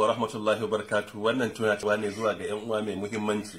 wa rahmatullahi wa barakatu wannan tunatarwa ne zuwa ga 'yan uwa mai muhimmanci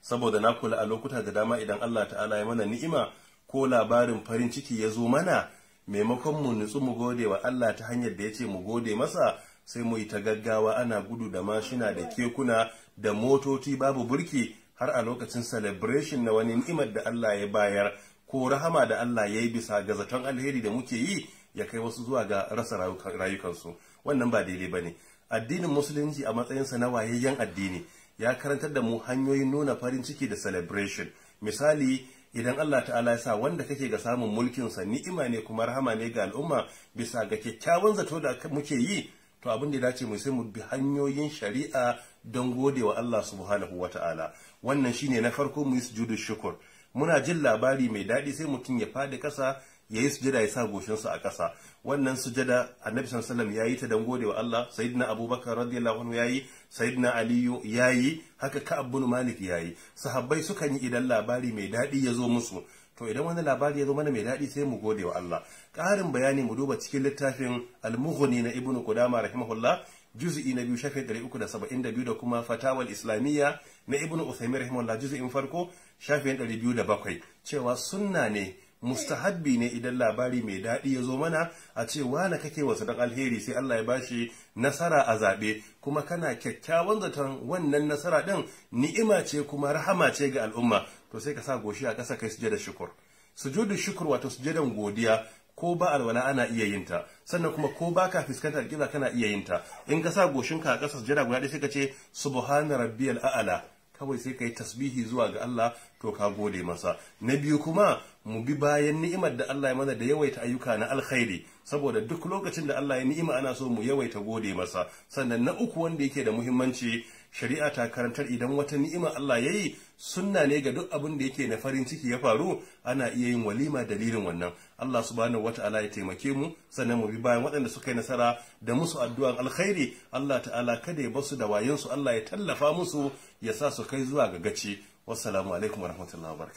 saboda na kula a lokuta da dama idan Allah ta'ala ya mana ni'ima ko labarin farin ciki ya zo mana maimakon mu nutsu mu gode wa Allah ta hanyar da ya ce mu gode masa sai mu yi ta gaggawa ana gudu da mashina da kekuna da motoci babu burki har a lokacin celebration na wani ni'imar da Allah ya bayar ko rahama da Allah ya yi bisa ga zaton alheri da muke yi ya kai wasu zuwa ga rasa rayukansu wannan ba daidai ba ne addinin musulunci a matsayinsa na wayayyen addini ya karantar da mu hanyoyin nuna farin ciki da celebration misali idan Allah ta'ala ya sa wanda kake ga samun mulkinsa ni'ima ne kuma rahama ne ga al'umma bisa ga kyakkyawan zato da muke yi to abin da dace mu sai mu bi hanyoyin shari'a don gode wa Allah subhanahu wa ta'ala wannan shine na farko mu yi sujudu shukur muna jin labari mai daɗi sai mutum ya faɗi ƙasa ya yi sujada ya sa goshinsa a ƙasa wannan sujada annabi sallallahu ya yi ta dan gode wa Allah sayyidina abubakar radiyallahu anhu ya yi sayyidina aliyu ya yi haka ka'ab bin malik ya yi sahabbai sukan yi idan labari mai daɗi ya zo musu to idan wani labari ya zo mana mai daɗi sai mu gode wa Allah ƙarin bayani mu duba cikin littafin al-mughni na ibnu qudama rahimahullah juz'i na biyu shafi 372 da kuma fatawal islamiyya na ibnu uthaymin rahimahullah juz'in farko shafi 207 cewa sunna ne mustahabbi ne idan labari mai daɗi ya zo mana a ce wane kake wasu dan alheri sai Allah ya bashi nasara a zaɓe kuma kana kyakkyawan zaton wannan nasara ɗin ni'ima ce kuma rahama ce ga al'umma to sai ka sa goshi a ƙasa kai sujada shukur sujudu shukur wato sujadan godiya ko ba alwala ana iya yin ta sannan kuma ko ba ka fuskantar kiza kana iya yin ta in ka sa goshinka a ƙasa sujada guda ɗaya sai ka ce subhana rabbiyal a'ala kawai sai ka yi tasbihi zuwa ga Allah to ka gode masa na biyu kuma mu bi bayan ni'imar da Allah ya mana da yawaita ayyuka na alkhairi saboda duk lokacin da Allah ya ni'ima ana so mu yawaita gode masa sannan na uku wanda yake da muhimmanci shari'a ta karantar idan wata ni'ima Allah ya yi sunna ne ga duk abin da yake na farin ciki ya faru ana iya yin walima dalilin wannan Allah subhanahu wata'ala ya taimake mu sannan mu bi bayan waɗanda suka yi nasara da musu addu'an alkhairi Allah ta'ala kada ya basu da wayansu Allah ya tallafa musu ya sa su kai zuwa ga gaci wassalamu alaikum warahmatullahi wabarakatuh